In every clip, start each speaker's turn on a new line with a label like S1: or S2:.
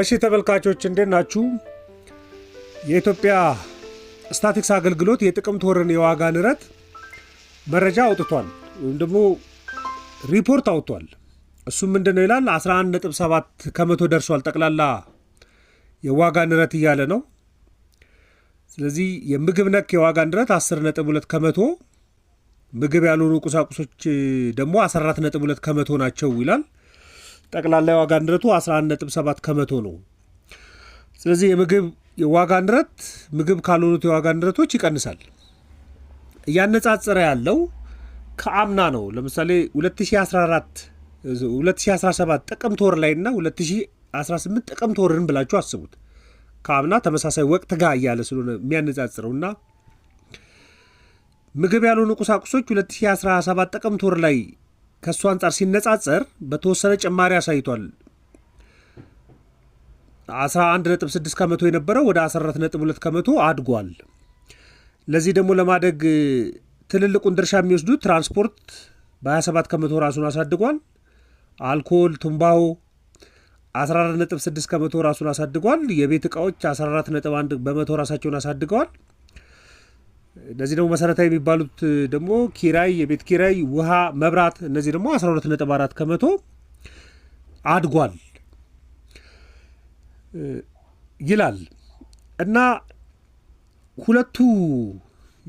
S1: እሺ ተመልካቾች እንዴት ናችሁ? የኢትዮጵያ ስታቲክስ አገልግሎት የጥቅምት ወርን የዋጋ ንረት መረጃ አውጥቷል፣ ወይም ደግሞ ሪፖርት አውጥቷል። እሱም ምንድን ነው ይላል 11.7 ከመቶ ደርሷል ጠቅላላ የዋጋ ንረት እያለ ነው። ስለዚህ የምግብ ነክ የዋጋ ንረት 10.2 ከመቶ፣ ምግብ ያልሆኑ ቁሳቁሶች ደግሞ 14.2 ከመቶ ናቸው ይላል። ጠቅላላ የዋጋ ንረቱ 11.7 ከመቶ ነው። ስለዚህ የምግብ የዋጋ ንረት ምግብ ካልሆኑት የዋጋ ንረቶች ይቀንሳል። እያነጻጸረ ያለው ከአምና ነው። ለምሳሌ 2014 2017 ጥቅምት ወር ላይ እና 2018 ጥቅምት ወርን ብላችሁ አስቡት ከአምና ተመሳሳይ ወቅት ጋር እያለ ስለሆነ የሚያነጻጽረው እና ምግብ ያልሆኑ ቁሳቁሶች 2017 ጥቅምት ወር ላይ ከእሱ አንጻር ሲነጻጸር በተወሰነ ጭማሪ አሳይቷል። 11.6 ከመቶ የነበረው ወደ 14.2 ከመቶ አድጓል። ለዚህ ደግሞ ለማደግ ትልልቁን ድርሻ የሚወስዱት ትራንስፖርት በ27 ከመቶ ራሱን አሳድጓል። አልኮል፣ ትንባሆ 14.6 ከመቶ ራሱን አሳድጓል። የቤት ዕቃዎች 14.1 በመቶ ራሳቸውን አሳድገዋል። እነዚህ ደግሞ መሰረታዊ የሚባሉት ደግሞ ኪራይ፣ የቤት ኪራይ፣ ውሃ፣ መብራት እነዚህ ደግሞ 12.4 ከመቶ አድጓል ይላል እና ሁለቱ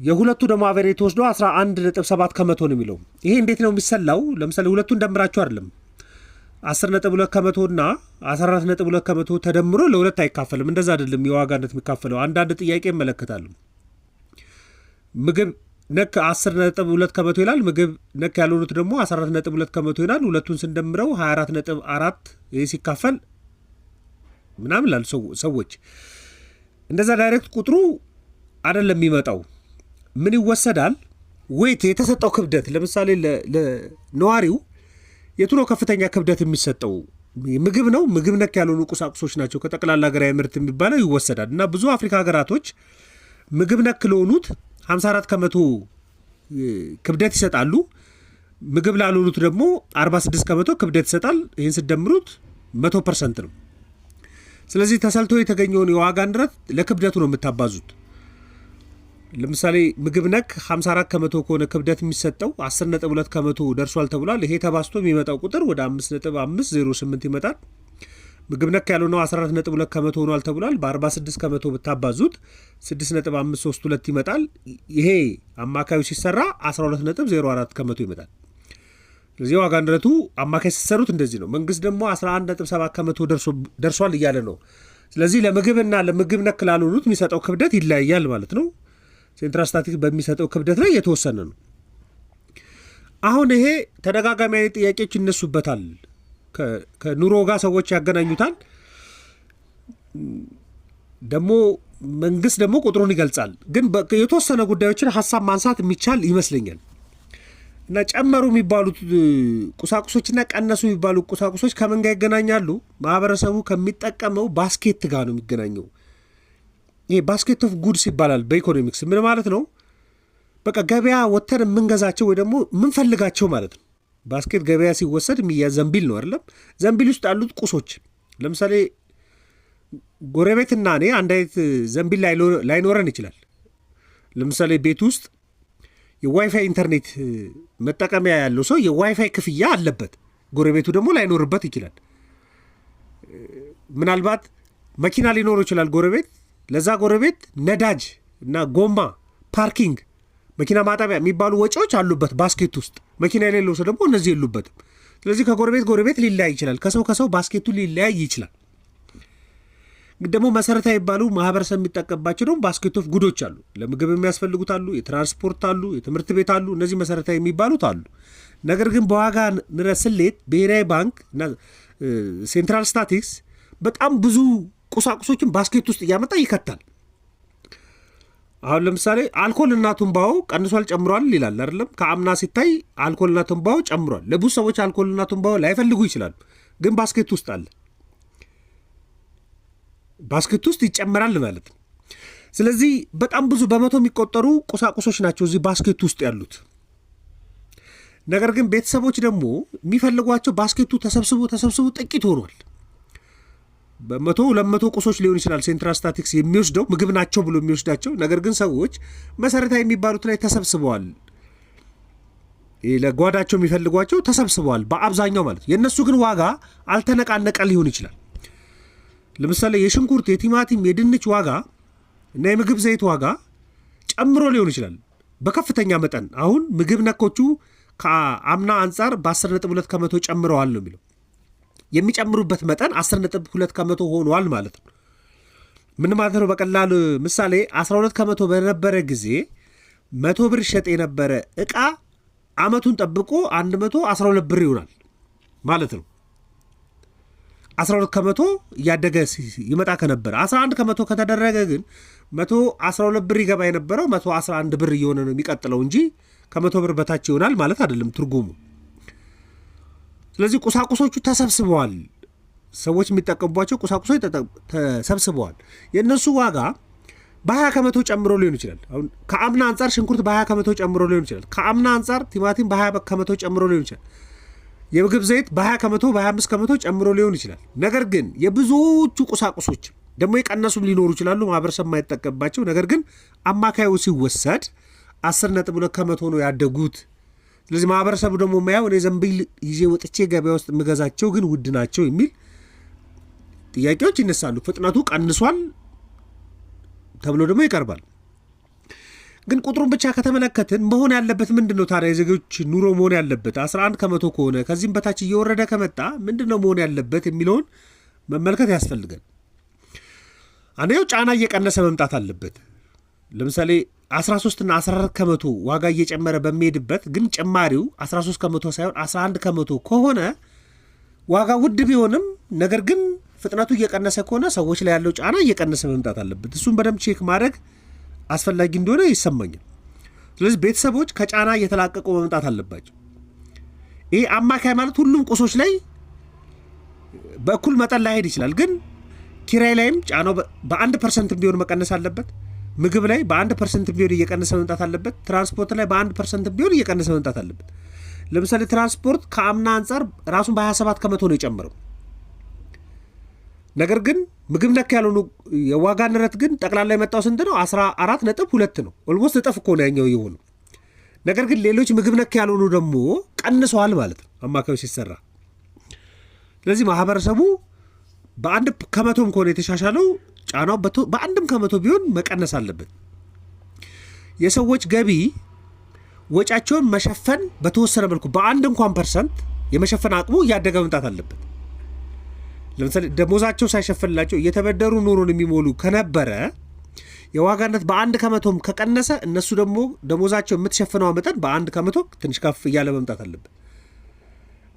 S1: የሁለቱ ደግሞ አቨሬ የተወስደው 11.7 ከመቶ ነው የሚለው። ይሄ እንዴት ነው የሚሰላው? ለምሳሌ ሁለቱን ደምራችሁ አይደለም 10.2 ከመቶ እና 14.2 ከመቶ ተደምሮ ለሁለት አይካፈልም። እንደዛ አይደለም የዋጋነት የሚካፈለው። አንዳንድ ጥያቄ ይመለከታሉ። ምግብ ነክ 2 ከመቶ ይላል። ምግብ ነክ ያልሆኑት ደግሞ 2 ከመቶ ይላል። ሁለቱን ስንደምረው 24 4 ይህ ሲካፈል ምናምን ላሉ ሰዎች እንደዛ ዳይሬክት ቁጥሩ አይደለም የሚመጣው። ምን ይወሰዳል? ዌይት የተሰጠው ክብደት ለምሳሌ ለነዋሪው የቱ ነው ከፍተኛ ክብደት የሚሰጠው? ምግብ ነው። ምግብ ነክ ያልሆኑ ቁሳቁሶች ናቸው ከጠቅላላ ሀገራዊ ምርት የሚባለው ይወሰዳል። እና ብዙ አፍሪካ ሀገራቶች ምግብ ነክ ለሆኑት 54 ከመቶ ክብደት ይሰጣሉ። ምግብ ላልሆኑት ደግሞ 46 ከመቶ ክብደት ይሰጣል። ይህን ስደምሩት 100 ፐርሰንት ነው። ስለዚህ ተሰልቶ የተገኘውን የዋጋ ንረት ለክብደቱ ነው የምታባዙት። ለምሳሌ ምግብ ነክ 54 ከመቶ ከሆነ ክብደት የሚሰጠው 2 ከመቶ ደርሷል ተብሏል። ይሄ ተባስቶ የሚመጣው ቁጥር ወደ 5.508 ይመጣል። ምግብ ነክ ያልሆነው 14.2 ከመቶ ሆኗል ተብሏል። በ46 ከመቶ ብታባዙት 6.532 ይመጣል። ይሄ አማካዩ ሲሰራ 12.04 ከመቶ ይመጣል። ስለዚህ ዋጋ ንረቱ አማካይ ሲሰሩት እንደዚህ ነው። መንግስት ደግሞ 11.7 ከመቶ ደርሷል እያለ ነው። ስለዚህ ለምግብና ለምግብ ነክ ላልሆኑት የሚሰጠው ክብደት ይለያያል ማለት ነው። ሴንትራስታቲክ በሚሰጠው ክብደት ላይ የተወሰነ ነው። አሁን ይሄ ተደጋጋሚ አይነት ጥያቄዎች ይነሱበታል። ከኑሮ ጋር ሰዎች ያገናኙታል። ደግሞ መንግስት ደግሞ ቁጥሩን ይገልጻል። ግን የተወሰነ ጉዳዮችን ሀሳብ ማንሳት የሚቻል ይመስለኛል እና ጨመሩ የሚባሉት ቁሳቁሶችና ቀነሱ የሚባሉ ቁሳቁሶች ከምን ጋር ይገናኛሉ? ማህበረሰቡ ከሚጠቀመው ባስኬት ጋር ነው የሚገናኘው። ይሄ ባስኬት ኦፍ ጉድስ ይባላል በኢኮኖሚክስ። ምን ማለት ነው? በቃ ገበያ ወተን የምንገዛቸው ወይ ደግሞ የምንፈልጋቸው ማለት ነው። ባስኬት ገበያ ሲወሰድ የሚያዝ ዘንቢል ነው አይደለም። ዘንቢል ውስጥ ያሉት ቁሶች ለምሳሌ ጎረቤትና እኔ አንድ አይነት ዘንቢል ላይኖረን ይችላል። ለምሳሌ ቤት ውስጥ የዋይፋይ ኢንተርኔት መጠቀሚያ ያለው ሰው የዋይፋይ ክፍያ አለበት፣ ጎረቤቱ ደግሞ ላይኖርበት ይችላል። ምናልባት መኪና ሊኖሩ ይችላል ጎረቤት። ለዛ ጎረቤት ነዳጅ እና ጎማ፣ ፓርኪንግ፣ መኪና ማጠቢያ የሚባሉ ወጪዎች አሉበት ባስኬት ውስጥ መኪና የሌለው ሰው ደግሞ እነዚህ የሉበትም። ስለዚህ ከጎረቤት ጎረቤት ሊለያይ ይችላል። ከሰው ከሰው ባስኬቱ ሊለያይ ይችላል። ደግሞ መሰረታዊ የሚባሉ ማህበረሰብ የሚጠቀምባቸው ደግሞ ባስኬት ኦፍ ጉዶች አሉ። ለምግብ የሚያስፈልጉት አሉ፣ የትራንስፖርት አሉ፣ የትምህርት ቤት አሉ። እነዚህ መሰረታዊ የሚባሉት አሉ። ነገር ግን በዋጋ ንረት ስሌት ብሔራዊ ባንክ እና ሴንትራል ስታቲክስ በጣም ብዙ ቁሳቁሶችን ባስኬት ውስጥ እያመጣ ይከታል። አሁን ለምሳሌ አልኮልና ትንባሆ ቀንሷል ጨምሯል ይላል አይደለም? ከአምና ሲታይ አልኮልና ትንባሆ ጨምሯል። ለብዙ ሰዎች አልኮልና ትንባሆ ላይፈልጉ ይችላሉ፣ ግን ባስኬት ውስጥ አለ። ባስኬት ውስጥ ይጨመራል ማለት ነው። ስለዚህ በጣም ብዙ በመቶ የሚቆጠሩ ቁሳቁሶች ናቸው እዚህ ባስኬት ውስጥ ያሉት። ነገር ግን ቤተሰቦች ደግሞ የሚፈልጓቸው ባስኬቱ ተሰብስቦ ተሰብስቦ ጥቂት ሆኗል። በመቶ ሁለት መቶ ቁሶች ሊሆን ይችላል ሴንትራስታቲክስ የሚወስደው ምግብ ናቸው ብሎ የሚወስዳቸው። ነገር ግን ሰዎች መሰረታዊ የሚባሉት ላይ ተሰብስበዋል። ለጓዳቸው የሚፈልጓቸው ተሰብስበዋል፣ በአብዛኛው ማለት የእነሱ ግን ዋጋ አልተነቃነቀ ሊሆን ይችላል። ለምሳሌ የሽንኩርት፣ የቲማቲም፣ የድንች ዋጋ እና የምግብ ዘይት ዋጋ ጨምሮ ሊሆን ይችላል በከፍተኛ መጠን። አሁን ምግብ ነኮቹ ከአምና አንጻር በ 12 ከመቶ ጨምረዋል ነው የሚለው የሚጨምሩበት መጠን 10.2 ከመቶ ሆኗል ማለት ነው። ምን ማለት ነው? በቀላሉ ምሳሌ 12 ከመቶ በነበረ ጊዜ መቶ ብር ሸጥ የነበረ እቃ አመቱን ጠብቆ 112 ብር ይሆናል ማለት ነው። 12 ከመቶ እያደገ ይመጣ ከነበረ 11 ከመቶ ከተደረገ ግን 112 ብር ይገባ የነበረው 111 ብር እየሆነ ነው የሚቀጥለው እንጂ ከመቶ ብር በታች ይሆናል ማለት አይደለም ትርጉሙ። ስለዚህ ቁሳቁሶቹ ተሰብስበዋል። ሰዎች የሚጠቀሙባቸው ቁሳቁሶች ተሰብስበዋል። የእነሱ ዋጋ በሀያ ከመቶ ጨምሮ ሊሆን ይችላል። አሁን ከአምና አንጻር ሽንኩርት በሀያ ከመቶ ጨምሮ ሊሆን ይችላል። ከአምና አንጻር ቲማቲም በሀያ ከመቶ ጨምሮ ሊሆን ይችላል። የምግብ ዘይት በሀያ ከመቶ በሀያ አምስት ከመቶ ጨምሮ ሊሆን ይችላል። ነገር ግን የብዙዎቹ ቁሳቁሶች ደግሞ የቀነሱም ሊኖሩ ይችላሉ፣ ማህበረሰብ የማይጠቀምባቸው ነገር ግን አማካዩ ሲወሰድ አስር ነጥብ ሁለት ከመቶ ነው ያደጉት ስለዚህ ማህበረሰቡ ደግሞ ማያው እኔ ዘንቢል ይዤ ወጥቼ ገበያ ውስጥ የምገዛቸው ግን ውድ ናቸው የሚል ጥያቄዎች ይነሳሉ። ፍጥነቱ ቀንሷል ተብሎ ደግሞ ይቀርባል። ግን ቁጥሩን ብቻ ከተመለከትን መሆን ያለበት ምንድን ነው ታዲያ? የዜጎች ኑሮ መሆን ያለበት 11 ከመቶ ከሆነ ከዚህም በታች እየወረደ ከመጣ ምንድን ነው መሆን ያለበት የሚለውን መመልከት ያስፈልጋል። አንደኛው ጫና እየቀነሰ መምጣት አለበት። ለምሳሌ 13ና 14 ከመቶ ዋጋ እየጨመረ በሚሄድበት ግን ጭማሪው 13 ከመቶ ሳይሆን 11 ከመቶ ከሆነ ዋጋ ውድ ቢሆንም ነገር ግን ፍጥነቱ እየቀነሰ ከሆነ ሰዎች ላይ ያለው ጫና እየቀነሰ መምጣት አለበት። እሱም በደንብ ቼክ ማድረግ አስፈላጊ እንደሆነ ይሰማኛል። ስለዚህ ቤተሰቦች ከጫና እየተላቀቁ መምጣት አለባቸው። ይህ አማካይ ማለት ሁሉም ቁሶች ላይ በእኩል መጠን ላይሄድ ይችላል። ግን ኪራይ ላይም ጫናው በአንድ ፐርሰንት ቢሆን መቀነስ አለበት። ምግብ ላይ በአንድ ፐርሰንት ቢሆን እየቀነሰ መምጣት አለበት። ትራንስፖርት ላይ በአንድ ፐርሰንት ቢሆን እየቀነሰ መምጣት አለበት። ለምሳሌ ትራንስፖርት ከአምና አንጻር ራሱን በ27 ከመቶ ነው የጨመረው። ነገር ግን ምግብ ነክ ያልሆኑ የዋጋ ንረት ግን ጠቅላላ የመጣው ስንት ነው? 14 ነጥብ ሁለት ነው። ኦልሞስት እጥፍ እኮ ነው ያኛው የሆኑ ነገር ግን ሌሎች ምግብ ነክ ያልሆኑ ደግሞ ቀንሰዋል ማለት ነው አማካዩ ሲሰራ። ስለዚህ ማህበረሰቡ በአንድ ከመቶም ከሆነ የተሻሻለው ጫናው በአንድም ከመቶ ቢሆን መቀነስ አለበት። የሰዎች ገቢ ወጫቸውን መሸፈን በተወሰነ መልኩ በአንድ እንኳን ፐርሰንት የመሸፈን አቅሙ እያደገ መምጣት አለበት። ለምሳሌ ደሞዛቸው ሳይሸፈንላቸው እየተበደሩ ኑሮን የሚሞሉ ከነበረ የዋጋ ንረት በአንድ ከመቶም ከቀነሰ እነሱ ደግሞ ደሞዛቸው የምትሸፍነው መጠን በአንድ ከመቶ ትንሽ ከፍ እያለ መምጣት አለበት።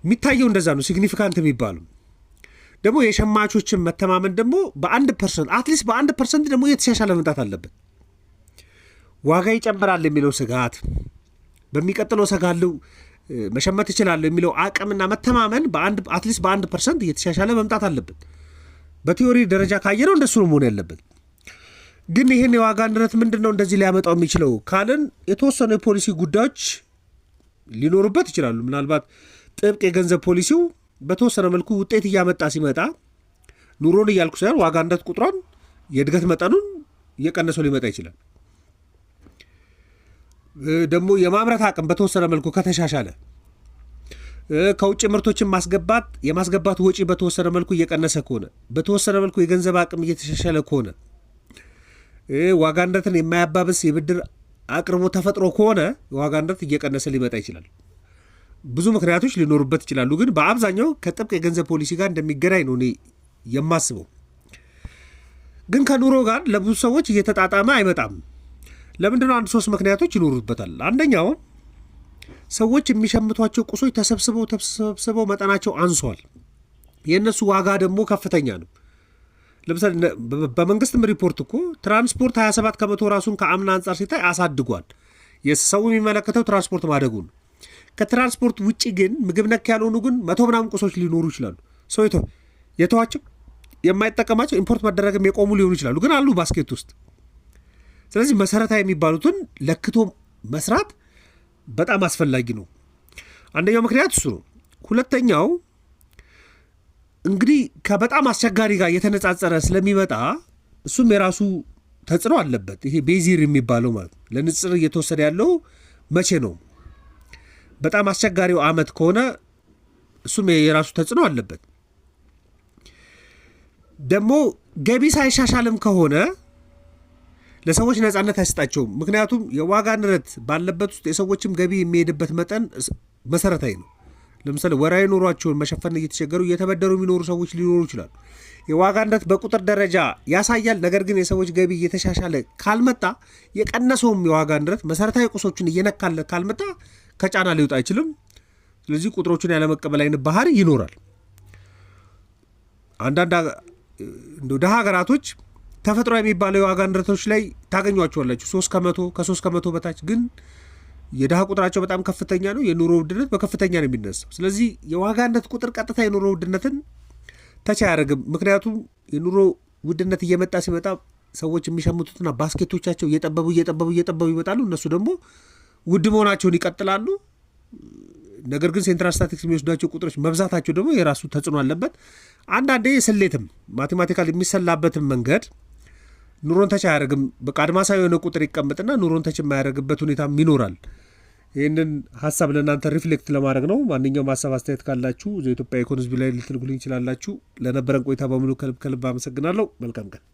S1: የሚታየው እንደዛ ነው። ሲግኒፊካንት የሚባሉም ደግሞ የሸማቾችን መተማመን ደግሞ በአንድ ፐርሰንት አትሊስት በአንድ ፐርሰንት ደግሞ የተሻሻለ መምጣት አለበት። ዋጋ ይጨምራል የሚለው ስጋት በሚቀጥለው ሰጋለው መሸመት እችላለሁ የሚለው አቅምና መተማመን አትሊስት በአንድ ፐርሰንት እየተሻሻለ መምጣት አለበት። በቲዎሪ ደረጃ ካየነው እንደሱ መሆን ያለበት። ግን ይህን የዋጋ ንረት ምንድን ነው እንደዚህ ሊያመጣው የሚችለው ካልን የተወሰኑ የፖሊሲ ጉዳዮች ሊኖሩበት ይችላሉ። ምናልባት ጥብቅ የገንዘብ ፖሊሲው በተወሰነ መልኩ ውጤት እያመጣ ሲመጣ ኑሮን እያልኩ ሳይሆን ዋጋ ንረት ቁጥሯን የእድገት መጠኑን እየቀነሰው ሊመጣ ይችላል። ደግሞ የማምረት አቅም በተወሰነ መልኩ ከተሻሻለ ከውጭ ምርቶችን ማስገባት የማስገባት ወጪ በተወሰነ መልኩ እየቀነሰ ከሆነ በተወሰነ መልኩ የገንዘብ አቅም እየተሻሻለ ከሆነ ዋጋ ንረትን የማያባብስ የብድር አቅርቦ ተፈጥሮ ከሆነ ዋጋ ንረት እየቀነሰ ሊመጣ ይችላል። ብዙ ምክንያቶች ሊኖሩበት ይችላሉ፣ ግን በአብዛኛው ከጥብቅ የገንዘብ ፖሊሲ ጋር እንደሚገናኝ ነው እኔ የማስበው። ግን ከኑሮ ጋር ለብዙ ሰዎች እየተጣጣመ አይመጣም። ለምንድነው? አንድ ሶስት ምክንያቶች ይኖሩበታል። አንደኛው ሰዎች የሚሸምቷቸው ቁሶች ተሰብስበው ተሰብስበው መጠናቸው አንሷል። የእነሱ ዋጋ ደግሞ ከፍተኛ ነው። ለምሳሌ በመንግስትም ሪፖርት እኮ ትራንስፖርት 27 ከመቶ ራሱን ከአምና አንጻር ሲታይ አሳድጓል። የሰው የሚመለከተው ትራንስፖርት ማደጉ ነው። ከትራንስፖርት ውጭ ግን ምግብ ነክ ያልሆኑ ግን መቶ ምናምን ቁሶች ሊኖሩ ይችላሉ። ሰው የተዋቸው የማይጠቀማቸው ኢምፖርት መደረግም የቆሙ ሊሆኑ ይችላሉ፣ ግን አሉ ባስኬት ውስጥ። ስለዚህ መሰረታዊ የሚባሉትን ለክቶ መስራት በጣም አስፈላጊ ነው። አንደኛው ምክንያት እሱ ነው። ሁለተኛው እንግዲህ ከበጣም አስቸጋሪ ጋር እየተነጻጸረ ስለሚመጣ እሱም የራሱ ተጽዕኖ አለበት። ይሄ ቤዚር የሚባለው ማለት ለንጽር እየተወሰደ ያለው መቼ ነው? በጣም አስቸጋሪው ዓመት ከሆነ እሱም የራሱ ተጽዕኖ አለበት። ደግሞ ገቢ ሳይሻሻልም ከሆነ ለሰዎች ነፃነት አይሰጣቸውም። ምክንያቱም የዋጋ ንረት ባለበት ውስጥ የሰዎችም ገቢ የሚሄድበት መጠን መሰረታዊ ነው። ለምሳሌ ወራዊ ኑሯቸውን መሸፈን እየተቸገሩ እየተበደሩ የሚኖሩ ሰዎች ሊኖሩ ይችላሉ። የዋጋ ንረት በቁጥር ደረጃ ያሳያል። ነገር ግን የሰዎች ገቢ እየተሻሻለ ካልመጣ የቀነሰውም የዋጋ ንረት መሰረታዊ ቁሶችን እየነካለ ካልመጣ ከጫና ሊወጣ አይችልም። ስለዚህ ቁጥሮቹን ያለመቀበል አይነት ባህሪ ይኖራል። አንዳንድ ደሃ ሀገራቶች ተፈጥሮ የሚባለው የዋጋ ንረቶች ላይ ታገኟቸዋላችሁ። ሶስት ከመቶ ከሶስት ከመቶ በታች ግን የድሀ ቁጥራቸው በጣም ከፍተኛ ነው። የኑሮ ውድነት በከፍተኛ ነው የሚነሳው። ስለዚህ የዋጋነት ቁጥር ቀጥታ የኑሮ ውድነትን ተቻ አያደርግም። ምክንያቱም የኑሮ ውድነት እየመጣ ሲመጣ ሰዎች የሚሸምቱትና ባስኬቶቻቸው እየጠበቡ እየጠበቡ እየጠበቡ ይመጣሉ። እነሱ ደግሞ ውድ መሆናቸውን ይቀጥላሉ። ነገር ግን ሴንትራል ስታቲክስ የሚወስዷቸው ቁጥሮች መብዛታቸው ደግሞ የራሱ ተጽዕኖ አለበት። አንዳንዴ የስሌትም ማቴማቲካል የሚሰላበትም መንገድ ኑሮን ተች አያደርግም። በቃ አድማሳዊ የሆነ ቁጥር ይቀመጥና ኑሮን ተች የማያደርግበት ሁኔታም ይኖራል። ይህንን ሀሳብ ለእናንተ ሪፍሌክት ለማድረግ ነው። ማንኛውም ሀሳብ አስተያየት ካላችሁ ኢትዮጵያ ኢኮኖሚ ላይ ልትልጉልኝ ይችላላችሁ። ለነበረን ቆይታ በሙሉ ከልብ ከልብ አመሰግናለሁ። መልካም ቀን።